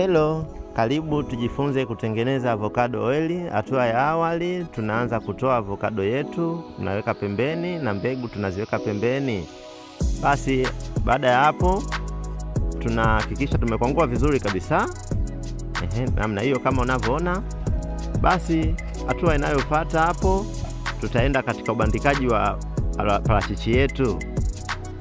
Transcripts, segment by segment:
Hello, karibu tujifunze kutengeneza avocado oil. Hatua ya awali, tunaanza kutoa avocado yetu, tunaweka pembeni na mbegu tunaziweka pembeni. Basi baada ya hapo, tunahakikisha tumekwangua vizuri kabisa, ehe, namna hiyo kama unavyoona. Basi hatua inayofuata hapo, tutaenda katika ubandikaji wa parachichi yetu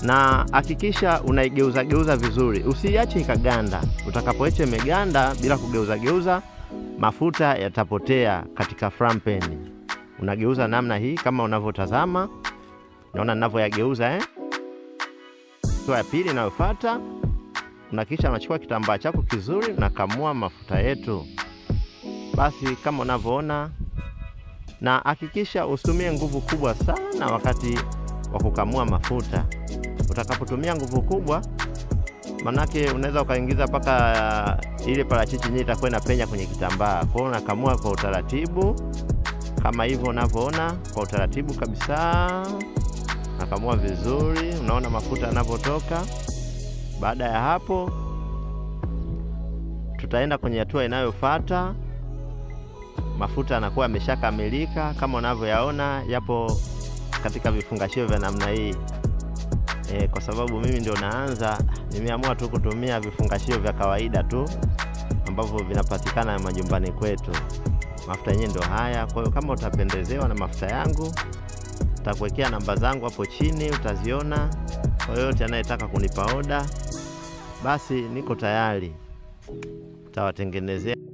na hakikisha unaigeuza geuza vizuri, usiiache ikaganda. Utakapoacha imeganda bila kugeuza geuza, mafuta yatapotea katika frampeni. Unageuza namna hii kama unavyotazama, naona ninavyoyageuza eh? Hatua ya pili inayofuata unakisha unachukua kitambaa chako kizuri, unakamua mafuta yetu basi kama unavyoona, na hakikisha usitumie nguvu kubwa sana wakati wa kukamua mafuta utakapotumia nguvu kubwa, manake unaweza ukaingiza mpaka ile parachichi nyingi itakuwa inapenya kwenye kitambaa. Kwa hiyo unakamua kwa utaratibu kama hivyo unavyoona, kwa utaratibu kabisa, nakamua vizuri. Unaona mafuta yanavyotoka. Baada ya hapo, tutaenda kwenye hatua inayofuata. Mafuta yanakuwa yameshakamilika kama unavyoyaona, yapo katika vifungashio vya namna hii e, kwa sababu mimi ndio naanza, nimeamua tu kutumia vifungashio vya kawaida tu ambavyo vinapatikana majumbani kwetu. Mafuta yenyewe ndio haya. Kwa hiyo kama utapendezewa na mafuta yangu, utakuwekea namba zangu hapo chini, utaziona. Kwa yoyote anayetaka kunipa oda, basi niko tayari, utawatengenezea